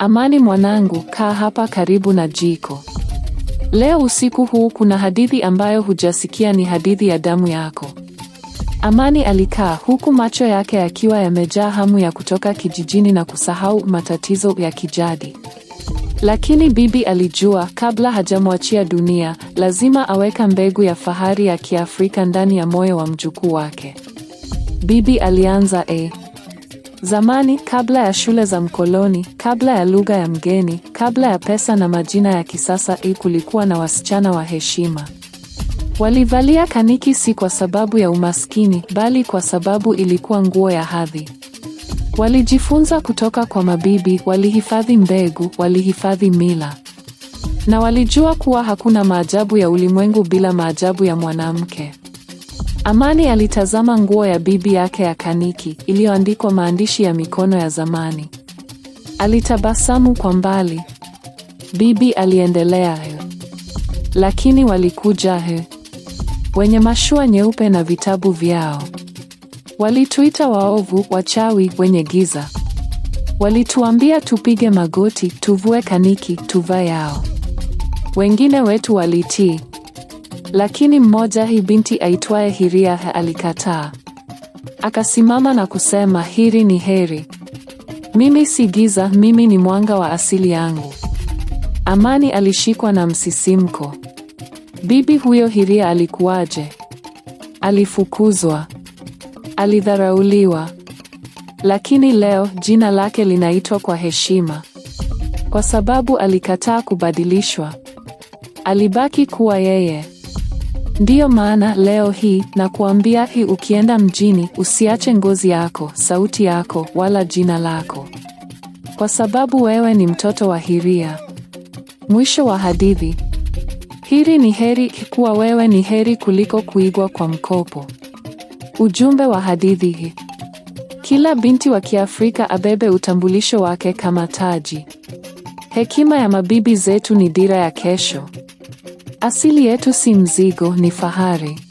Amani mwanangu, kaa hapa karibu na jiko. Leo usiku huu kuna hadithi ambayo hujasikia, ni hadithi ya damu yako. Amani alikaa huku macho yake yakiwa yamejaa hamu ya kutoka kijijini na kusahau matatizo ya kijadi. Lakini bibi alijua kabla hajamwachia dunia, lazima aweka mbegu ya fahari ya Kiafrika ndani ya moyo wa mjukuu wake. Bibi alianza e Zamani, kabla ya shule za mkoloni, kabla ya lugha ya mgeni, kabla ya pesa na majina ya kisasa, i kulikuwa na wasichana wa heshima. Walivalia kaniki si kwa sababu ya umaskini, bali kwa sababu ilikuwa nguo ya hadhi. Walijifunza kutoka kwa mabibi, walihifadhi mbegu, walihifadhi mila, na walijua kuwa hakuna maajabu ya ulimwengu bila maajabu ya mwanamke. Amani alitazama nguo ya bibi yake ya kaniki iliyoandikwa maandishi ya mikono ya zamani. Alitabasamu kwa mbali. Bibi aliendelea he, lakini walikuja he, wenye mashua nyeupe na vitabu vyao. Walituita waovu, wachawi, wenye giza. Walituambia tupige magoti, tuvue kaniki, tuva yao. Wengine wetu walitii. Lakini mmoja hii binti aitwaye hiria alikataa, akasimama na kusema, hiri ni heri, mimi si giza, mimi ni mwanga wa asili yangu. Amani alishikwa na msisimko. Bibi huyo hiria alikuwaje? Alifukuzwa, alidharauliwa, lakini leo jina lake linaitwa kwa heshima, kwa sababu alikataa kubadilishwa, alibaki kuwa yeye. Ndiyo maana leo hii nakuambia hii, ukienda mjini usiache ngozi yako, sauti yako, wala jina lako, kwa sababu wewe ni mtoto wa Hiria. Mwisho wa hadithi. Hiri ni heri, kuwa wewe ni heri kuliko kuigwa kwa mkopo. Ujumbe wa hadithi hii: kila binti wa Kiafrika abebe utambulisho wake kama taji. Hekima ya mabibi zetu ni dira ya kesho. Asili yetu si mzigo, ni fahari.